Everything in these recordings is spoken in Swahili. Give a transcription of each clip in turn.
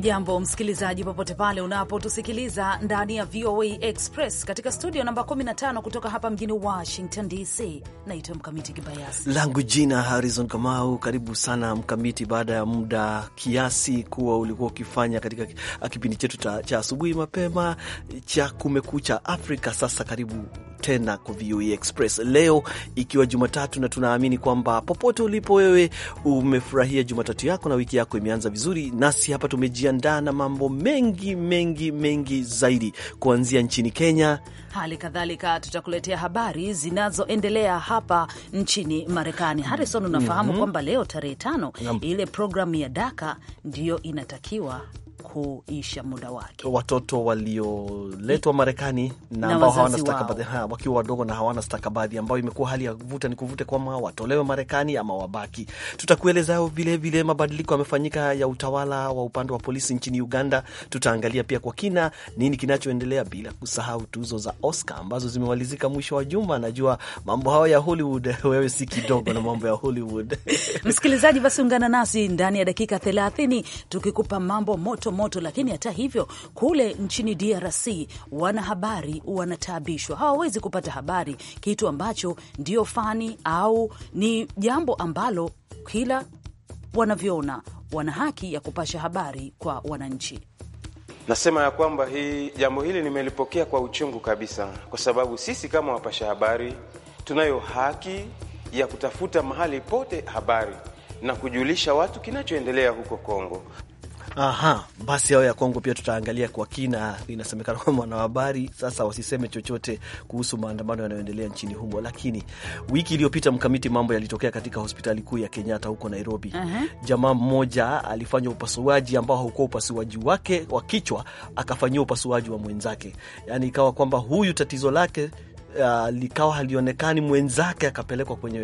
Hujambo msikilizaji, popote pale unapotusikiliza ndani ya VOA Express katika studio namba 15 kutoka hapa mjini Washington DC. Naitwa Mkamiti Kibayasi, langu jina Harrison Kamau. Karibu sana Mkamiti, baada ya muda kiasi kuwa ulikuwa ukifanya katika kipindi chetu cha asubuhi mapema cha Kumekucha Afrika. Sasa karibu tena kwa VOA e Express leo ikiwa Jumatatu, na tunaamini kwamba popote ulipo wewe umefurahia Jumatatu yako na wiki yako imeanza vizuri. Nasi hapa tumejiandaa na mambo mengi mengi mengi zaidi, kuanzia nchini Kenya. Hali kadhalika tutakuletea habari zinazoendelea hapa nchini Marekani. Harrison, unafahamu mm -hmm. kwamba leo tarehe tano ile programu ya Daka ndiyo inatakiwa kuisha muda wake. Watoto walioletwa mm. Marekani na ambao hawana stakabadhi ha, wakiwa wadogo na hawana stakabadhi, ambayo imekuwa hali ya kuvuta ni kuvute kwama watolewe Marekani ama wabaki. Tutakueleza vilevile mabadiliko yamefanyika ya utawala wa upande wa polisi nchini Uganda. Tutaangalia pia kwa kina nini kinachoendelea, bila kusahau tuzo za Oscar ambazo zimemalizika mwisho wa juma. Najua mambo hayo ya Hollywood wewe si kidogo na mambo ya Hollywood msikilizaji, basi ungana nasi ndani ya dakika 30 tukikupa mambo moto moto, lakini hata hivyo kule nchini DRC wanahabari wanataabishwa, hawawezi kupata habari, kitu ambacho ndio fani au ni jambo ambalo kila wanavyoona wana haki ya kupasha habari kwa wananchi. Nasema ya kwamba hii jambo hili nimelipokea kwa uchungu kabisa, kwa sababu sisi kama wapasha habari tunayo haki ya kutafuta mahali pote habari na kujulisha watu kinachoendelea huko Kongo. Aha, basi hao ya Kongo pia tutaangalia kwa kina. Inasemekana kwamba wanahabari sasa wasiseme chochote kuhusu maandamano yanayoendelea nchini humo, lakini wiki iliyopita mkamiti, mambo yalitokea katika hospitali kuu ya Kenyatta huko Nairobi. uh -huh. Jamaa mmoja alifanya upasuaji ambao haukuwa upasuaji wake wa kichwa, akafanyia upasuaji wa mwenzake, yaani ikawa kwamba huyu tatizo lake uh, likawa halionekani, mwenzake akapelekwa kwenye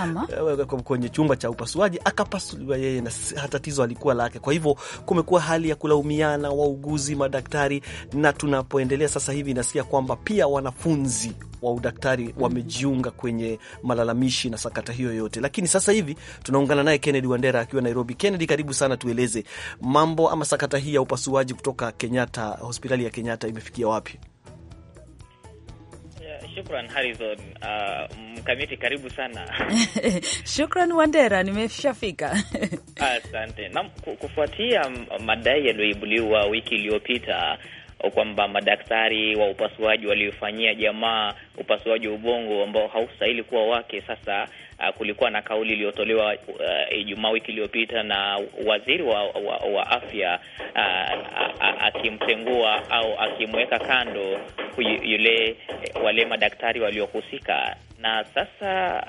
eh, kwenye chumba cha upasuaji akapasuliwa yeye, na hatatizo alikuwa lake. Kwa hivyo kumekuwa hali ya kulaumiana, wauguzi, madaktari, na tunapoendelea sasa hivi nasikia kwamba pia wanafunzi wa udaktari wamejiunga kwenye malalamishi na sakata hiyo yote. Lakini sasa hivi tunaungana naye Kennedy Wandera akiwa Nairobi. Kennedy, karibu sana, tueleze mambo ama sakata hii ya upasuaji kutoka Kenyatta, hospitali ya Kenyatta imefikia wapi? Shukran Harrison, uh, mkamiti karibu sana Shukran Wandera, nimeshafika asante. Na kufuatia madai yaliyoibuliwa wiki iliyopita uh, kwamba madaktari wa upasuaji waliofanyia jamaa upasuaji wa ubongo ambao haustahili kuwa wake, sasa uh, kulikuwa na kauli iliyotolewa ah, Ijumaa uh, wiki iliyopita na waziri wa, wa, wa afya uh, akimtengua au akimweka kando yule eh, wale madaktari waliohusika, na sasa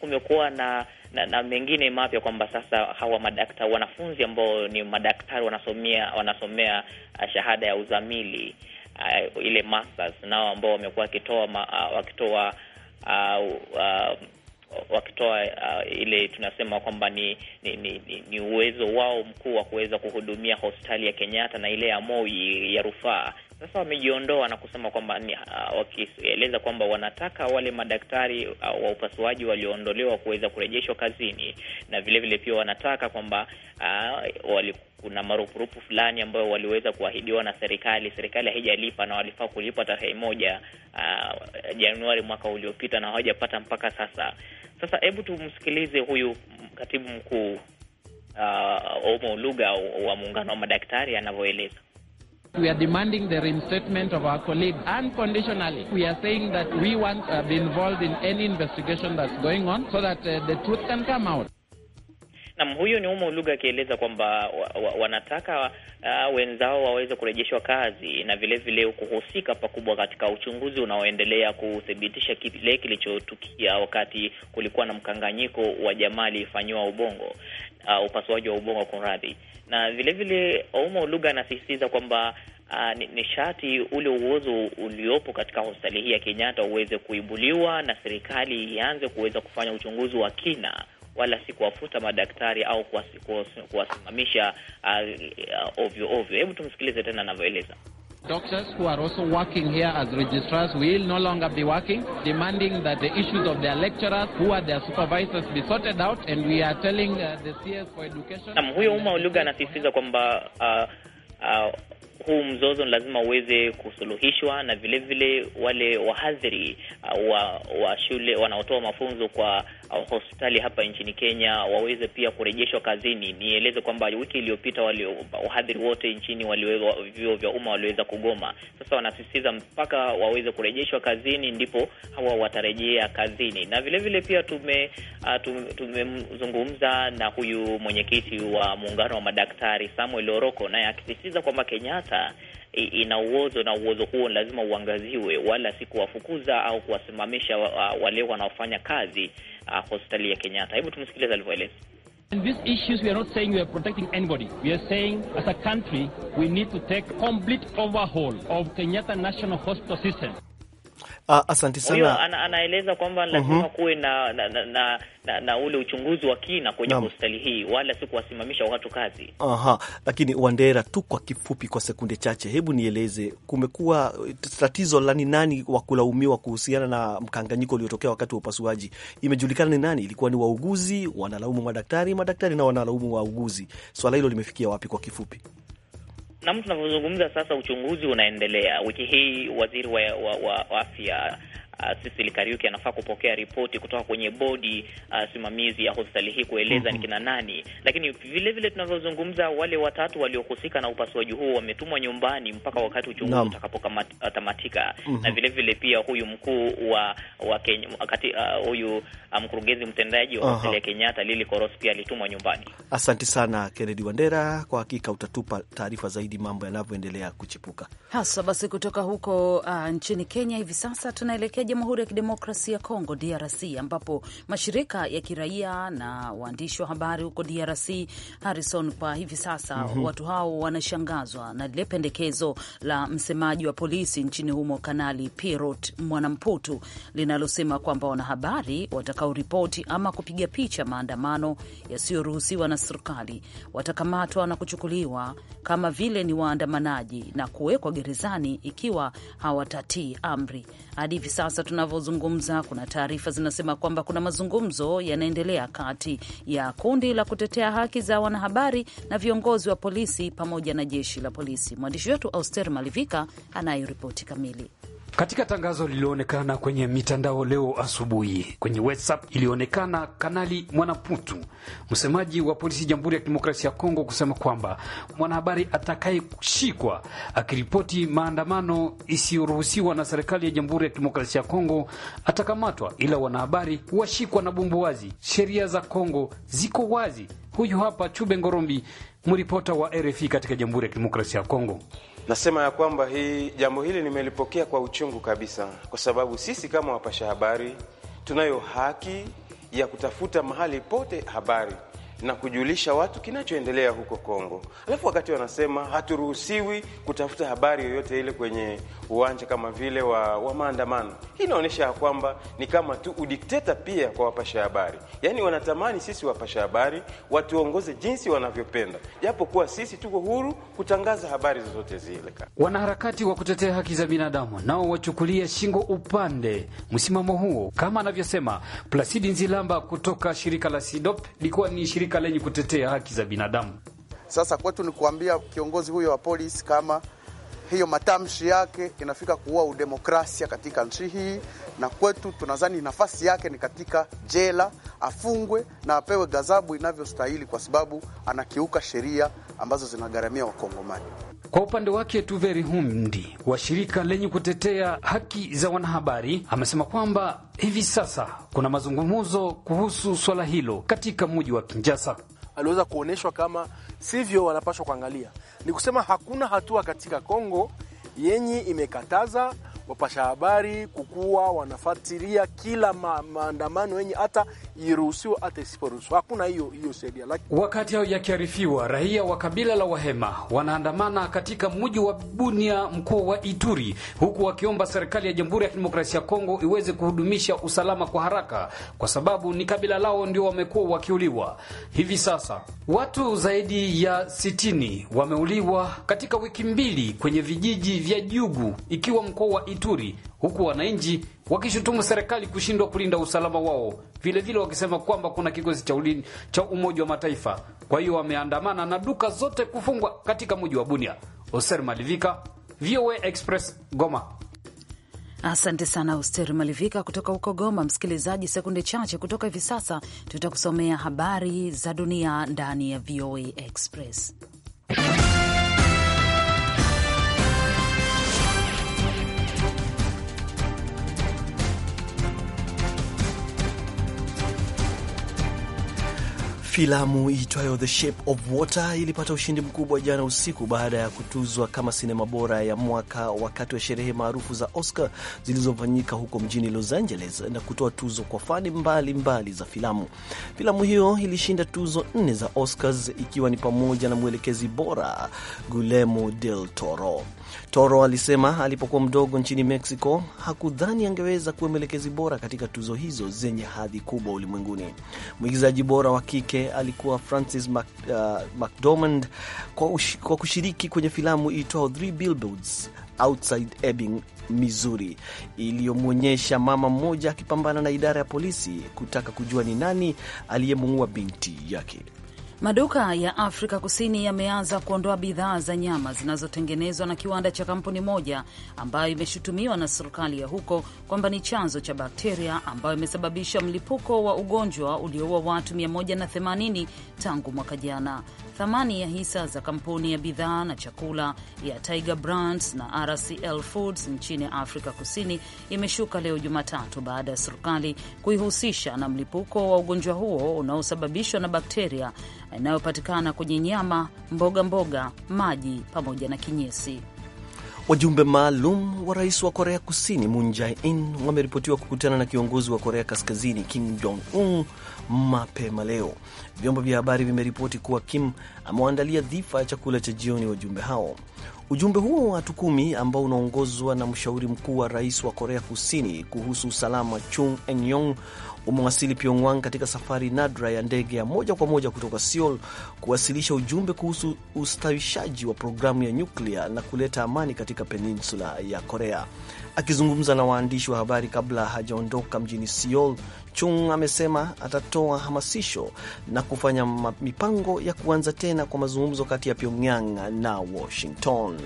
kumekuwa na na, na mengine mapya kwamba sasa hawa madaktari wanafunzi ambao ni madaktari wanasomea wanasomea shahada ya uzamili uh, ile masters nao ambao wamekuwa wakitoa wakitoa uh, uh, wakitoa uh, ile tunasema kwamba ni ni, ni ni uwezo wao mkuu wa kuweza kuhudumia hospitali ya Kenyatta na ile ya Moi ya rufaa. Sasa wamejiondoa na kusema kwamba uh, wakieleza kwamba wanataka wale madaktari uh, wa upasuaji walioondolewa kuweza kurejeshwa kazini, na vile vile pia wanataka kwamba uh, wali kuna marupurupu fulani ambayo waliweza kuahidiwa na serikali. Serikali haijalipa na walifaa kulipa tarehe moja uh, Januari mwaka uliopita na hawajapata mpaka sasa. Sasa hebu tumsikilize huyu katibu mkuu uh, Omo Lugha wa muungano wa madaktari anavyoeleza. We are demanding the reinstatement of our colleague unconditionally. We are saying that we want to uh, be involved in any investigation that's going on so that uh, the truth can come out. Naam, huyo ni Umo lugha akieleza kwamba wa, wa, wanataka uh, wenzao waweze kurejeshwa kazi na vilevile vile kuhusika pakubwa katika uchunguzi unaoendelea kuthibitisha kile kilichotukia wakati kulikuwa na mkanganyiko wa jamaa alifanyiwa ubongo uh, upasuaji wa ubongo kwa radhi. Na vilevile vile Umo Lugha anasisitiza kwamba Uh, nishati ule uozo uliopo katika hospitali hii ya Kenyatta uweze kuibuliwa na serikali ianze kuweza kufanya uchunguzi wa kina wala si kuwafuta madaktari au kuwasimamisha uh, ovyo ovyo. Hebu tumsikilize tena anavyoeleza. Doctors who are also working here as registrars will no longer be working, demanding that the issues of their lecturers who are their supervisors be sorted out and we are telling uh, the CS for education. Na huyo Uma Uluga anasisitiza kwamba uh, uh, huu mzozo lazima uweze kusuluhishwa na vile vile wale wahadhiri uh, wa, wa shule wanaotoa mafunzo kwa hospitali hapa nchini Kenya waweze pia kurejeshwa kazini. Nieleze kwamba wiki iliyopita wahadhiri wote nchini vyuo vya umma waliweza kugoma. Sasa wanasisitiza mpaka waweze kurejeshwa kazini ndipo hawa watarejea kazini. Na vile vile pia tume ah, tumezungumza tume na huyu mwenyekiti wa muungano wa madaktari Samuel Oroko, naye akisisitiza kwamba Kenyatta ina uozo na uozo huo lazima uangaziwe, wala si kuwafukuza au kuwasimamisha wale wanaofanya kazi uh, hospitali ya Kenyatta. Hebu tumsikilize alivyoeleza. In these issues we are not saying we are protecting anybody. We are saying as a country we need to take complete overhaul of Kenyatta National Hospital system. Ah, asante sana. Ana, anaeleza kwamba lazima uh mhm. -huh. kuwe na na, na, na, na na ule uchunguzi wa kina kwenye hospitali hii, wala si kuwasimamisha watu kazi. Aha, lakini Wandera, tu kwa kifupi, kwa sekunde chache, hebu nieleze, kumekuwa tatizo la ni nani wa kulaumiwa kuhusiana na mkanganyiko uliotokea wakati wa upasuaji? Imejulikana ni nani ilikuwa, ni wauguzi wanalaumu madaktari, madaktari na wanalaumu wauguzi. Swala hilo limefikia wapi, kwa kifupi? na mtu tunavyozungumza sasa, uchunguzi unaendelea. Wiki hii waziri wa, wa, wa afya uh, ah, Sicily Kariuki anafaa kupokea ripoti kutoka kwenye bodi uh, simamizi ya hospitali hii kueleza mm -hmm. ni mhm. kina nani, lakini vile vile tunavyozungumza, wale watatu waliohusika na upasuaji huo wametumwa nyumbani mpaka wakati uchunguzi no. utakapotamatika mm -hmm. na vile vile pia huyu mkuu wa, wa Kenya, kati uh, ah, huyu mkurugenzi um, mtendaji wa hospitali ya Kenyatta lili Koros pia alitumwa nyumbani. Asante sana Kennedy Wandera, kwa hakika utatupa taarifa zaidi mambo yanavyoendelea kuchipuka hasa basi kutoka huko uh, nchini Kenya. Hivi sasa tunaelekea Jamhuri ya Kidemokrasia ya Kongo, DRC, ambapo mashirika ya kiraia na waandishi wa habari huko DRC, Harrison, kwa hivi sasa mm -hmm. watu hao wanashangazwa na lile pendekezo la msemaji wa polisi nchini humo Kanali Pirot Mwanamputu linalosema kwamba wanahabari watakaoripoti ama kupiga picha maandamano yasiyoruhusiwa na serikali watakamatwa na kuchukuliwa kama vile ni waandamanaji na kuwekwa gerezani ikiwa hawatatii amri. Hadi hivi sasa sasa tunavyozungumza, kuna taarifa zinasema kwamba kuna mazungumzo yanaendelea kati ya kundi la kutetea haki za wanahabari na viongozi wa polisi pamoja na jeshi la polisi. Mwandishi wetu Auster Malivika anayo ripoti kamili. Katika tangazo lililoonekana kwenye mitandao leo asubuhi kwenye WhatsApp, ilionekana Kanali Mwanaputu, msemaji wa polisi Jamhuri ya Kidemokrasia ya Kongo, kusema kwamba mwanahabari atakayeshikwa akiripoti maandamano isiyoruhusiwa na serikali ya Jamhuri ya Kidemokrasia ya Kongo atakamatwa, ila wanahabari washikwa na bumbuwazi. Sheria za Kongo ziko wazi. Huyu hapa Chube Ngorombi, mripota wa RFI katika Jamhuri ya Kidemokrasia ya Kongo. Nasema ya kwamba hii jambo hili nimelipokea kwa uchungu kabisa, kwa sababu sisi kama wapasha habari tunayo haki ya kutafuta mahali pote habari na kujulisha watu kinachoendelea huko Kongo. Alafu wakati wanasema haturuhusiwi kutafuta habari yoyote ile kwenye uwanja kama vile wa, wa maandamano. Hii inaonyesha ya kwamba ni kama tu udikteta pia kwa wapasha habari, yaani wanatamani sisi wapasha habari watuongoze jinsi wanavyopenda, japo kuwa sisi tuko huru kutangaza habari zozote zile. Wanaharakati wa kutetea haki za binadamu nao wachukulia shingo upande msimamo huo, kama anavyosema Plasidi Nzilamba kutoka shirika la SIDOP, likiwa ni shirika lenye kutetea haki za binadamu. Sasa kwetu ni kuambia kiongozi huyo wa polisi kama hiyo matamshi yake inafika kuua udemokrasia katika nchi hii, na kwetu tunadhani nafasi yake ni katika jela, afungwe na apewe ghadhabu inavyostahili, kwa sababu anakiuka sheria ambazo zinagharamia Wakongomani. Kwa upande wake Tuveri Humdi wa shirika lenye kutetea haki za wanahabari amesema kwamba hivi sasa kuna mazungumzo kuhusu swala hilo katika muji wa Kinjasa aliweza kuonyeshwa kama sivyo wanapaswa kuangalia. Ni kusema hakuna hatua katika Kongo yenye imekataza wapasha habari kukuwa wanafatilia kila ma, maandamano yenye hata iruhusiwa hata isiporuhusiwa. Hakuna hiyo hiyo sheria. Wakati hayo yakiarifiwa, raia wa kabila la Wahema wanaandamana katika mji wa Bunia, mkoa wa Ituri, huku wakiomba serikali ya Jamhuri ya Kidemokrasia ya Kongo iweze kuhudumisha usalama kwa haraka, kwa sababu ni kabila lao ndio wamekuwa wakiuliwa. Hivi sasa watu zaidi ya sitini wameuliwa katika wiki mbili kwenye vijiji vya Jugu, ikiwa mkoa wa Ituri Ituri, huku wananchi wakishutumu serikali kushindwa kulinda usalama wao, vilevile vile wakisema kwamba kuna kikosi cha ulini cha Umoja wa Mataifa. Kwa hiyo wameandamana na duka zote kufungwa katika mji wa Bunia. Oser Malivika, VOA Express, Goma. Asante sana Hoster Malivika kutoka huko Goma. Msikilizaji, sekunde chache kutoka hivi sasa tutakusomea habari za dunia ndani ya VOA Express. Filamu iitwayo The Shape of Water ilipata ushindi mkubwa jana usiku baada ya kutuzwa kama sinema bora ya mwaka wakati wa sherehe maarufu za Oscar zilizofanyika huko mjini Los Angeles na kutoa tuzo kwa fani mbalimbali za filamu. Filamu hiyo ilishinda tuzo nne za Oscars ikiwa ni pamoja na mwelekezi bora Guillermo del Toro. Toro alisema alipokuwa mdogo nchini Mexico hakudhani angeweza kuwa mwelekezi bora katika tuzo hizo zenye hadhi kubwa ulimwenguni. Mwigizaji bora wa kike alikuwa Francis Mac, uh, McDormand kwa, ush, kwa kushiriki kwenye filamu iitwao Three Billboards Outside Ebbing, Missouri iliyomwonyesha mama mmoja akipambana na idara ya polisi kutaka kujua ni nani aliyemuua binti yake. Maduka ya Afrika Kusini yameanza kuondoa bidhaa za nyama zinazotengenezwa na kiwanda cha kampuni moja ambayo imeshutumiwa na serikali ya huko kwamba ni chanzo cha bakteria ambayo imesababisha mlipuko wa ugonjwa ulioua watu 180 tangu mwaka jana. Thamani ya hisa za kampuni ya bidhaa na chakula ya Tiger Brands na RCL Foods nchini Afrika Kusini imeshuka leo Jumatatu baada ya serikali kuihusisha na mlipuko wa ugonjwa huo unaosababishwa na bakteria inayopatikana kwenye nyama, mboga mboga, maji pamoja na kinyesi. Wajumbe maalum wa rais wa Korea Kusini Moon Jae-in wameripotiwa kukutana na kiongozi wa Korea Kaskazini Kim Jong Un mapema leo. Vyombo vya habari vimeripoti kuwa Kim amewaandalia dhifa ya chakula cha jioni wajumbe hao. Ujumbe huo wa watu kumi ambao unaongozwa na mshauri mkuu wa rais wa Korea Kusini kuhusu usalama Chung Enyong umewasili Pyong'wang katika safari nadra ya ndege ya moja kwa moja kutoka Seoul kuwasilisha ujumbe kuhusu ustawishaji wa programu ya nyuklia na kuleta amani katika peninsula ya Korea. Akizungumza na waandishi wa habari kabla hajaondoka mjini Seoul, Chung amesema atatoa hamasisho na kufanya mipango ya kuanza tena kwa mazungumzo kati ya Pyongyang na Washington.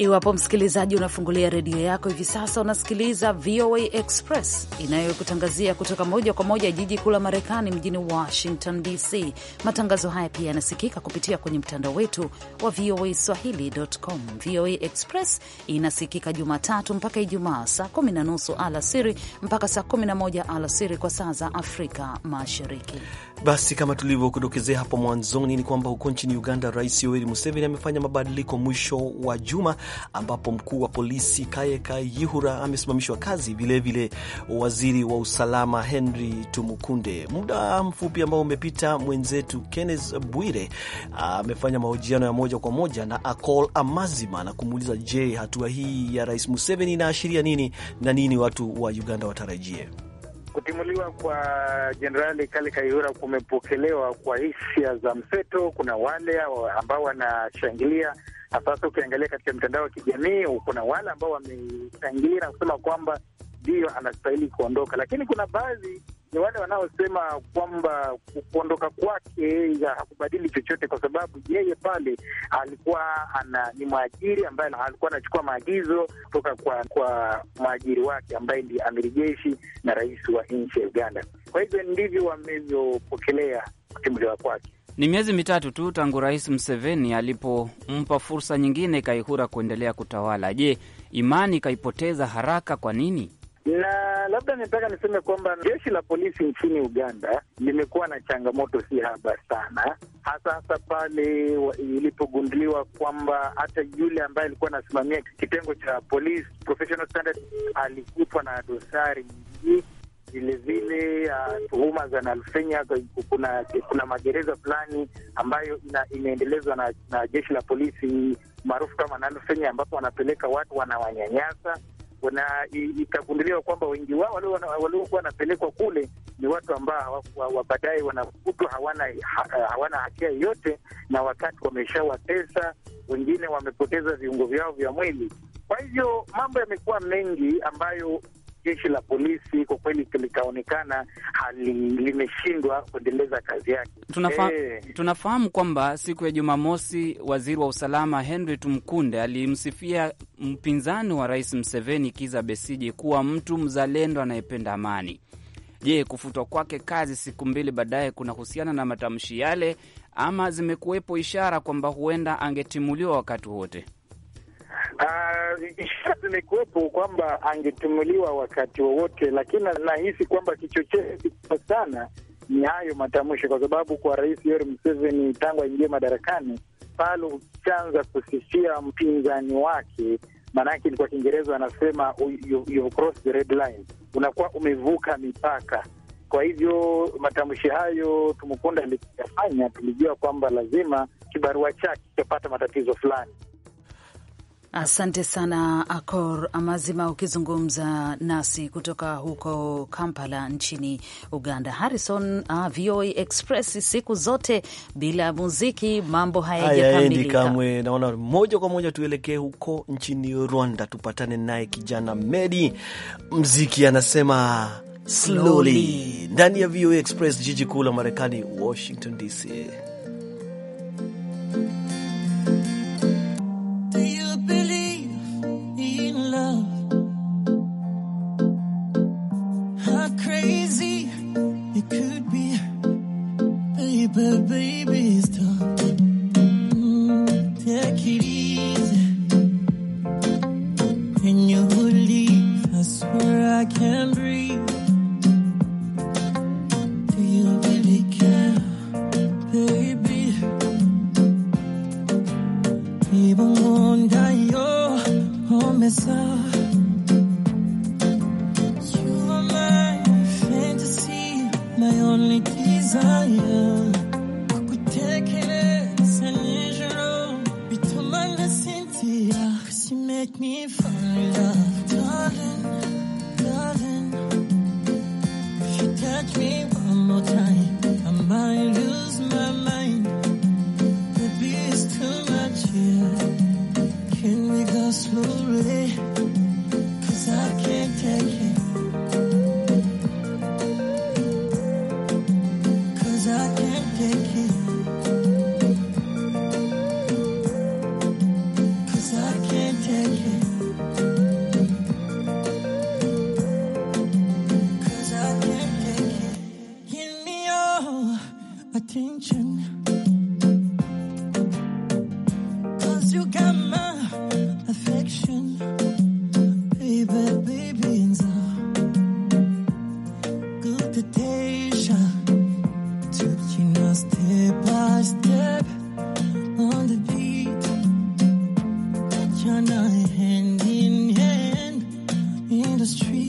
Iwapo msikilizaji unafungulia redio yako hivi sasa, unasikiliza VOA Express inayokutangazia kutoka moja kwa moja jiji kuu la Marekani, mjini Washington DC. Matangazo haya pia yanasikika kupitia kwenye mtandao wetu wa VOA Swahili.com. VOA Express inasikika Jumatatu mpaka Ijumaa saa kumi na nusu alasiri mpaka saa kumi na moja alasiri kwa saa za Afrika Mashariki. Basi kama tulivyokudokezea hapo mwanzoni ni kwamba huko nchini Uganda, Rais Yoweri Museveni amefanya mabadiliko mwisho wa juma, ambapo mkuu wa polisi Kaye Kayihura amesimamishwa kazi, vilevile waziri wa usalama Henry Tumukunde. Muda mfupi ambao umepita, mwenzetu Kenneth Bwire amefanya mahojiano ya moja kwa moja na Akol Amazima na kumuuliza, je, hatua hii ya Rais Museveni inaashiria nini na nini watu wa Uganda watarajie? Kutimuliwa kwa Jenerali Kale Kayihura kumepokelewa kwa hisia za mseto. Kuna wale ambao wanashangilia sasa, ukiangalia katika mtandao wa kijamii, kuna wale ambao wameshangilia na kusema kwamba ndiyo anastahili kuondoka, lakini kuna baadhi ni wale wanaosema kwamba kuondoka kwake hakubadili chochote, kwa sababu yeye pale alikuwa ana, ni mwajiri ambaye alikuwa anachukua maagizo kutoka kwa kwa mwajiri wake ambaye ndi amiri jeshi na rais wa nchi ya Uganda. Kwa hivyo ndivyo wamevyopokelea kutimuliwa kwake. Ni miezi mitatu tu tangu Rais Mseveni alipompa fursa nyingine Kaihura kuendelea kutawala. Je, imani ikaipoteza haraka? Kwa nini? na labda nitaka niseme kwamba jeshi la polisi nchini Uganda limekuwa na changamoto si haba sana, hasa hasa pale ilipogunduliwa kwamba hata yule ambaye alikuwa anasimamia kitengo cha polisi professional standard alikutwa na dosari nyingi vilevile ah, tuhuma za nalfenya Kuna, kuna magereza fulani ambayo ina, na, na jeshi la polisi maarufu kama nalfenya, ambapo wanapeleka watu wanawanyanyasa na ikagunduliwa kwamba wengi wao waliokuwa wanapelekwa kule ni watu ambao baadaye wanakutwa hawana ha, hawana hatia yoyote, na wakati wameshawatesa wengine, wamepoteza viungo vyao vya mwili. Kwa hivyo mambo yamekuwa mengi ambayo jeshi la polisi kwa kweli likaonekana limeshindwa kuendeleza kazi yake. Tunafa e, tunafahamu kwamba siku ya Jumamosi waziri wa usalama Henry Tumkunde alimsifia mpinzani wa rais Mseveni Kiza Besiji kuwa mtu mzalendo anayependa amani. Je, kufutwa kwake kazi siku mbili baadaye kunahusiana na matamshi yale ama zimekuwepo ishara kwamba huenda angetimuliwa wakati wote? Ah, ishara imekuwepo kwamba angetumuliwa wakati wowote, lakini nahisi kwamba kichocheo kikubwa sana ni hayo matamshi, kwa sababu kwa Rais Yoweri Museveni tangu aingie madarakani, pale ukianza kusifia mpinzani wake, maanake ni kwa Kiingereza wanasema you, you cross the red line, unakuwa umevuka mipaka. Kwa hivyo matamshi hayo Tumekunda alikuyafanya, tulijua kwamba lazima kibarua chake kitapata matatizo fulani. Asante sana Akor Amazima, ukizungumza nasi kutoka huko Kampala nchini Uganda. Harrison, uh, ah, VOA Express siku zote bila muziki mambo hayajakamilika kamwe. Naona moja kwa moja tuelekee huko nchini Rwanda, tupatane naye kijana Medi mziki anasema slowly ndani ya VOA Express, jiji kuu la Marekani, Washington DC. touch me one more time, I might lose. the street.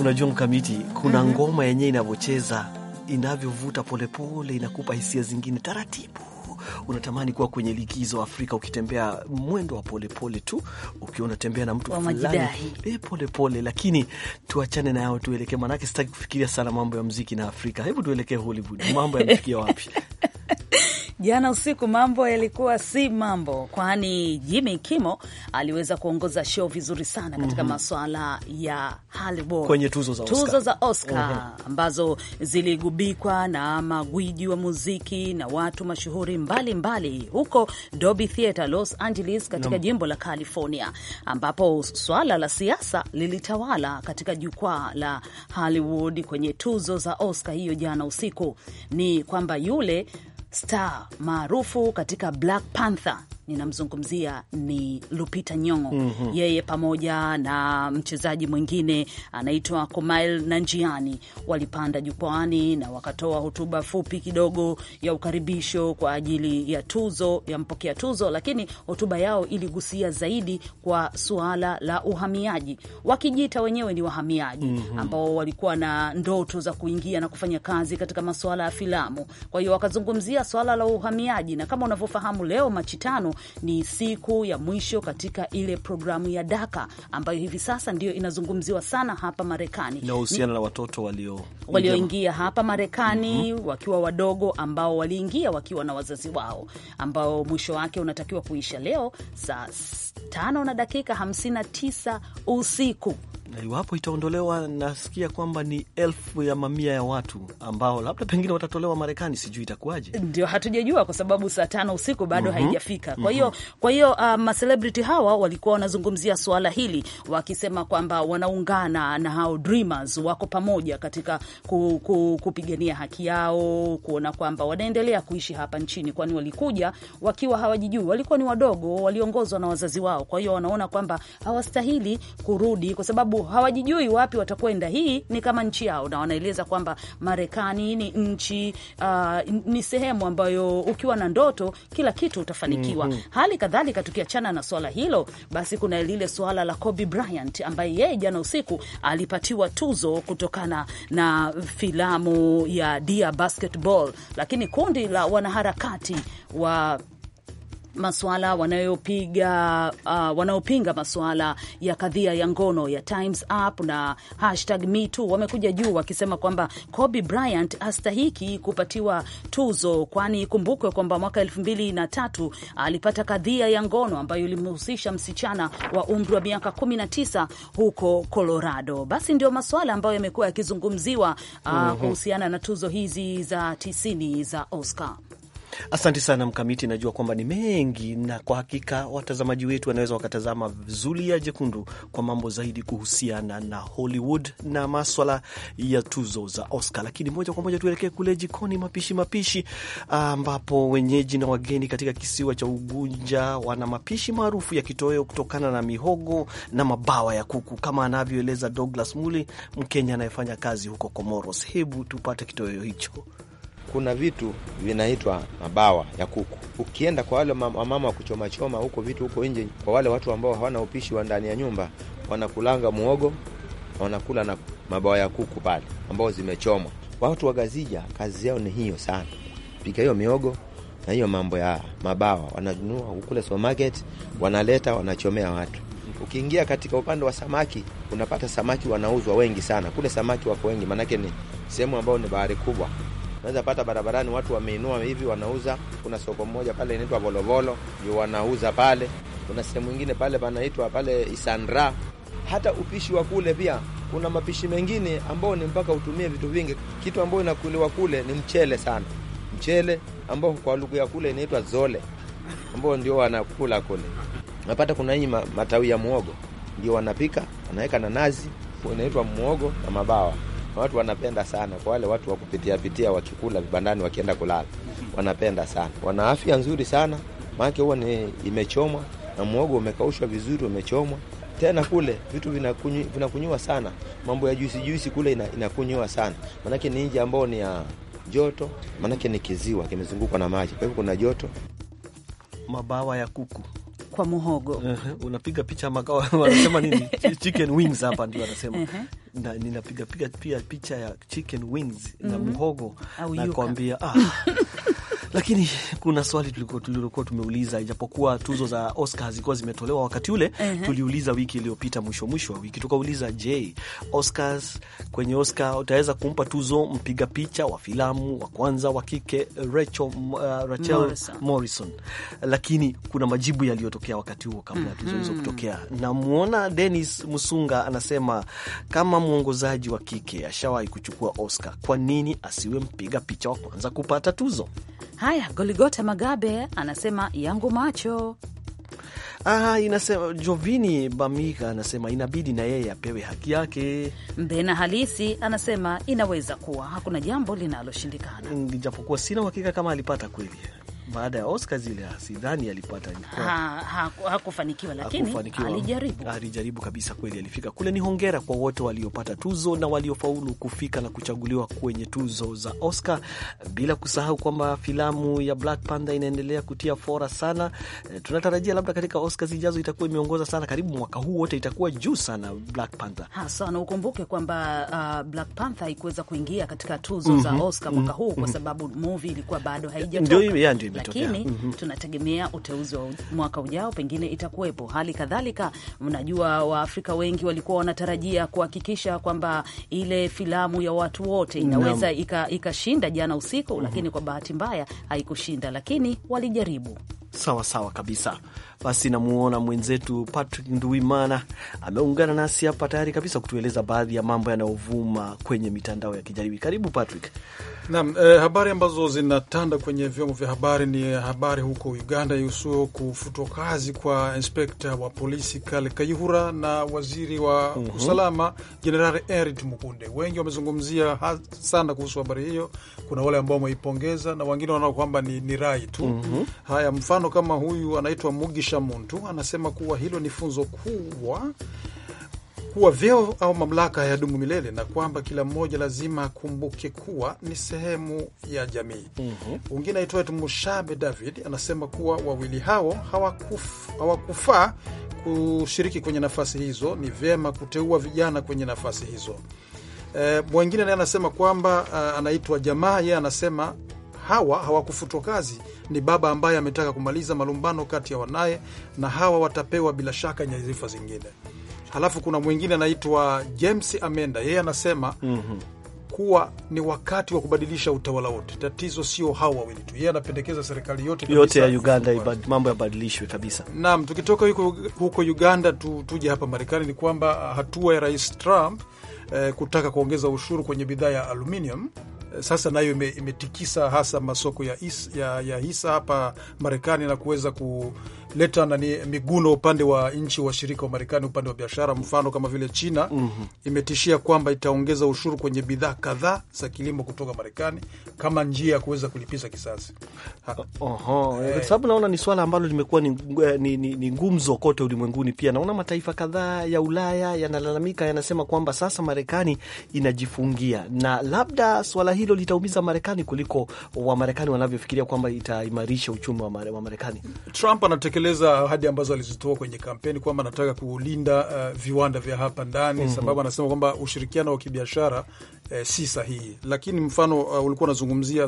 Unajua mkamiti, kuna ngoma yenyewe inavyocheza, inavyovuta polepole, inakupa hisia zingine taratibu unatamani kuwa kwenye likizo Afrika, ukitembea mwendo wa polepole tu, ukiwa unatembea na mtu fulani polepole Lakini tuachane na yao, tuelekee, maanake sitaki kufikiria sana mambo ya mziki na Afrika. Hebu tuelekee Hollywood, mambo yamefikia wapi? Jana usiku mambo yalikuwa si mambo, kwani Jimmy Kimo aliweza kuongoza show vizuri sana katika mm -hmm. maswala ya Hollywood kwenye tuzo za Oscar, za Oscar mm -hmm. ambazo ziligubikwa na magwiji wa muziki na watu mashuhuri mbalimbali mbali, huko Dolby Theatre Los Angeles katika mm -hmm. jimbo la California, ambapo swala la siasa lilitawala katika jukwaa la Hollywood kwenye tuzo za Oscar hiyo jana usiku. Ni kwamba yule star maarufu katika Black Panther ninamzungumzia ni Lupita Nyong'o mm -hmm. Yeye pamoja na mchezaji mwingine anaitwa Kumail Nanjiani walipanda jukwani na wakatoa hotuba fupi kidogo ya ukaribisho kwa ajili ya tuzo ya mpokea tuzo, lakini hotuba yao iligusia zaidi kwa suala la uhamiaji, wakijiita wenyewe ni wahamiaji mm -hmm. ambao walikuwa na ndoto za kuingia na kufanya kazi katika masuala ya filamu. Kwa hiyo wakazungumzia swala la uhamiaji, na kama unavyofahamu leo Machi tano ni siku ya mwisho katika ile programu ya DACA ambayo hivi sasa ndio inazungumziwa sana hapa Marekani inahusiana na watoto walio walioingia hapa Marekani mm -hmm. wakiwa wadogo ambao waliingia wakiwa na wazazi wao ambao mwisho wake unatakiwa kuisha leo saa tano na dakika 59 usiku na iwapo itaondolewa, nasikia kwamba ni elfu ya mamia ya watu ambao labda pengine watatolewa Marekani, sijui itakuwaje. Ndio hatujajua kwa sababu saa tano usiku bado mm -hmm. haijafika. Kwa mhm. hiyo mm -hmm. kwa hiyo uh, macelebrity hawa walikuwa wanazungumzia suala hili wakisema kwamba wanaungana na hao dreamers, wako pamoja katika ku, ku, kupigania haki yao, kuona kwamba wanaendelea kuishi hapa nchini, kwani walikuja wakiwa hawajijui, walikuwa ni wadogo, waliongozwa na wazazi wao. Kwa hiyo wanaona kwamba hawastahili kurudi kwa sababu hawajijui wapi watakwenda. Hii ni kama nchi yao, na wanaeleza kwamba Marekani ni nchi uh, ni sehemu ambayo ukiwa na ndoto kila kitu utafanikiwa. mm -hmm. Hali kadhalika tukiachana na swala hilo, basi kuna lile swala la Kobe Bryant ambaye yeye jana usiku alipatiwa tuzo kutokana na filamu ya Dear Basketball, lakini kundi la wanaharakati wa masuala wanayopiga uh, wanaopinga masuala ya kadhia ya ngono ya Times Up na hashtag Me Too wamekuja juu wakisema kwamba Kobe Bryant hastahiki kupatiwa tuzo, kwani ikumbukwe kwamba mwaka elfu mbili na tatu alipata kadhia ya ngono ambayo ilimhusisha msichana wa umri wa miaka 19 huko Colorado. Basi ndio masuala ambayo yamekuwa yakizungumziwa uh, mhm. kuhusiana na tuzo hizi za tisini za Oscar. Asante sana Mkamiti, najua kwamba ni mengi, na kwa hakika watazamaji wetu wanaweza wakatazama Zulia Jekundu kwa mambo zaidi kuhusiana na Hollywood na maswala ya tuzo za Oscar. Lakini moja kwa moja tuelekee kule jikoni, mapishi mapishi, ambapo wenyeji na wageni katika kisiwa cha Ugunja wana mapishi maarufu ya kitoweo kutokana na mihogo na mabawa ya kuku, kama anavyoeleza Douglas Muli, Mkenya anayefanya kazi huko Comoros. Hebu tupate kitoweo hicho kuna vitu vinaitwa mabawa ya kuku. Ukienda kwa wale wamama wa kuchomachoma huko vitu huko nje, kwa wale watu ambao hawana upishi wa ndani ya nyumba, wanakulanga muogo, wanakula na mabawa ya kuku pale ambao zimechomwa. Watu wa Gazija kazi yao ni hiyo sana, pika hiyo miogo na hiyo mambo ya mabawa, wananunua kule supermarket, wanaleta wanachomea watu. Ukiingia katika upande wa samaki, unapata samaki wanauzwa wengi sana kule, samaki wako wengi, maanake ni sehemu ambayo ni bahari kubwa. Unaweza pata barabarani watu wameinua hivi wanauza. Kuna soko moja pale inaitwa Volovolo juu wanauza pale. Kuna sehemu nyingine pale panaitwa pale Isandra. Hata upishi wa kule pia kuna mapishi mengine ambao ni mpaka utumie vitu vingi. Kitu ambayo inakuliwa kule ni mchele sana, mchele ambao kwa lugha ya kule inaitwa zole, ambao ndio wanakula kule. Napata kuna hii matawi ya muogo ndio wanapika, wanaweka na nazi, inaitwa muogo na mabawa watu wanapenda sana, kwa wale watu wakupitia pitia wakikula vibandani wakienda kulala wanapenda sana, wana afya nzuri sana maake huwa ni imechomwa na mwogo umekaushwa vizuri, umechomwa tena kule vitu vinakunywa sana, mambo ya juisi juisi kule inakunywa sana maanake ni nje ambao ni ya joto, maanake ni kiziwa kimezungukwa na maji, kwa hivyo kuna joto. Mabawa ya kuku kwa muhogo. Uh, unapiga picha makao wanasema nini? chicken wings hapa ndio wanasema. Uh -huh. Na ninapiga piga pia picha ya chicken wings mm -hmm. na mhm. muhogo nakwambia ah Lakini kuna swali tulilokuwa tumeuliza, ijapokuwa tuzo za Oscar zilikuwa zimetolewa wakati ule uh -huh. Tuliuliza wiki iliyopita mwisho mwisho wa wiki tukauliza, je, Oscars, kwenye Oscar utaweza kumpa tuzo mpiga picha wa filamu wa kwanza wa kike Rachel, uh, Rachel Morrison. Morrison. Lakini kuna majibu yaliyotokea wakati huo kabla ya mm -hmm. tuzo hizo mm-hmm. kutokea. Namwona denis Musunga anasema kama mwongozaji wa kike ashawahi kuchukua Oscar, kwa nini asiwe mpiga picha wa kwanza kupata tuzo? Haya, Goligota Magabe anasema yangu macho Aha, inasema Jovini Bamika anasema inabidi na yeye apewe haki yake. Mbena Halisi anasema inaweza kuwa hakuna jambo linaloshindikana, japokuwa sina uhakika kama alipata kweli baada ya Oscar zile sidhani alipata, hakufanikiwa ha, ha, lakini hakufanikiwa, alijaribu, alijaribu kabisa kweli, alifika kule. Ni hongera kwa wote waliopata tuzo na waliofaulu kufika na kuchaguliwa kwenye tuzo za Oscar, bila kusahau kwamba filamu ya Black Panther inaendelea kutia fora sana. Eh, tunatarajia labda katika Oscar zijazo itakuwa imeongoza sana, karibu mwaka huu wote itakuwa juu sana Black Panther hasa, ukumbuke kwamba uh, Black Panther haikuweza kuingia katika tuzo mm -hmm, za mhm. Oscar mwaka mm -hmm, huu mhm. kwa sababu movie ilikuwa bado haijatoka lakini mm -hmm. tunategemea uteuzi wa mwaka ujao pengine itakuwepo. Hali kadhalika, mnajua Waafrika wengi walikuwa wanatarajia kuhakikisha kwamba ile filamu ya watu wote inaweza ikashinda ika jana usiku mm -hmm. lakini kwa bahati mbaya haikushinda, lakini walijaribu. Sawa sawa kabisa. Basi namuona mwenzetu Patrick Nduimana ameungana nasi hapa tayari kabisa kutueleza baadhi ya mambo yanayovuma kwenye mitandao ya kijamii. Karibu Patrick. Naam, eh, habari ambazo zinatanda kwenye vyombo vya habari ni habari huko Uganda yusu kufutwa kazi kwa inspekta wa polisi Kale Kayihura na waziri wa mm -hmm. usalama Jenerali Erit Mukunde. Wengi wamezungumzia sana kuhusu habari hiyo. Kuna wale ambao wameipongeza na wengine wanaona kwamba ni, ni rai tu mm -hmm. Haya, mfano kama huyu anaitwa Mugisha Muntu anasema kuwa hilo ni funzo kubwa kuwa vyeo au mamlaka hayadumu milele na kwamba kila mmoja lazima akumbuke kuwa ni sehemu ya jamii. Mhm. Wengine mm -hmm. aitwa Tumushabe David anasema kuwa wawili hao hawakufaa hawakufa kushiriki kwenye nafasi hizo, ni vyema kuteua vijana kwenye nafasi hizo. E, eh, mwengine naye anasema kwamba eh, anaitwa Jamaa, yeye anasema hawa hawakufutwa kazi, ni baba ambaye ametaka kumaliza malumbano kati ya wanaye, na hawa watapewa bila shaka nyadhifa zingine alafu kuna mwingine anaitwa James Amenda, yeye anasema mm -hmm. kuwa ni wakati wa kubadilisha utawala wote, tatizo sio hao wawili tu. Yeye anapendekeza serikali yote yote ya Uganda ibad, mambo yabadilishwe kabisa. Naam, tukitoka huko, huko Uganda tu, tuje hapa Marekani, ni kwamba uh, hatua ya Rais Trump eh, kutaka kuongeza ushuru kwenye bidhaa ya aluminium uh, sasa nayo imetikisa hasa masoko ya, is, ya, ya hisa hapa Marekani na kuweza ku, kuleta nani miguno upande wa nchi washirika wa Marekani upande wa biashara, mfano kama vile China mm -hmm. imetishia kwamba itaongeza ushuru kwenye bidhaa kadhaa za kilimo kutoka Marekani kama njia ya kuweza kulipiza kisasi. Oho, eh, sababu naona ni swala ambalo limekuwa ni, eh, ni, ni, ni ngumzo kote ulimwenguni. Pia naona mataifa kadhaa ya Ulaya yanalalamika, yanasema kwamba sasa Marekani inajifungia, na labda swala hilo litaumiza Marekani kuliko Wamarekani wanavyofikiria kwamba itaimarisha uchumi wa Marekani. Trump anatekeleza alieleza ahadi ambazo alizitoa kwenye kampeni kwamba anataka kulinda uh, viwanda vya hapa ndani mm -hmm. Sababu anasema kwamba ushirikiano wa kibiashara e, si sahihi. Lakini mfano uh, ulikuwa unazungumzia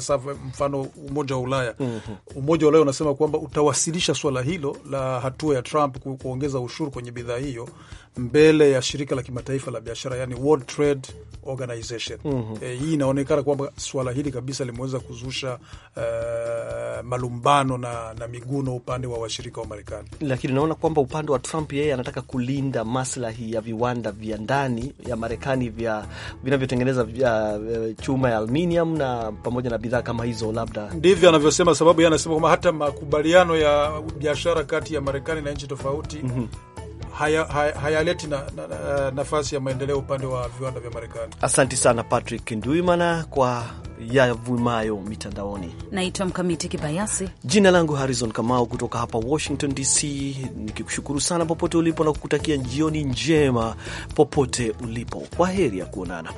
mfano umoja wa Ulaya mm -hmm. Umoja wa Ulaya unasema kwamba utawasilisha swala hilo la hatua ya Trump ku, kuongeza ushuru kwenye bidhaa hiyo mbele ya shirika la kimataifa la biashara, yani World Trade Organization mm -hmm. E, hii inaonekana kwamba swala hili kabisa limeweza kuzusha uh, malumbano na, na miguno upande wa washirika wa Marekani, lakini naona kwamba upande wa Trump yeye anataka kulinda maslahi ya viwanda vya ndani ya Marekani vinavyotengeneza vya eh, chuma ya aluminium na pamoja na bidhaa kama hizo, labda ndivyo anavyosema, sababu yeye anasema kwamba hata makubaliano ya biashara kati ya Marekani na nchi tofauti mm -hmm hayaleti haya haya na, na na, eh, nafasi ya maendeleo upande wa viwanda vya Marekani. Asanti sana Patrick Nduimana kwa yavumayo mitandaoni. Naitwa Mkamiti Kibayasi, jina langu Harrison Kamau kutoka hapa Washington DC, nikikushukuru sana popote ulipo na kukutakia jioni njema popote ulipo. Kwa heri ya kuonana.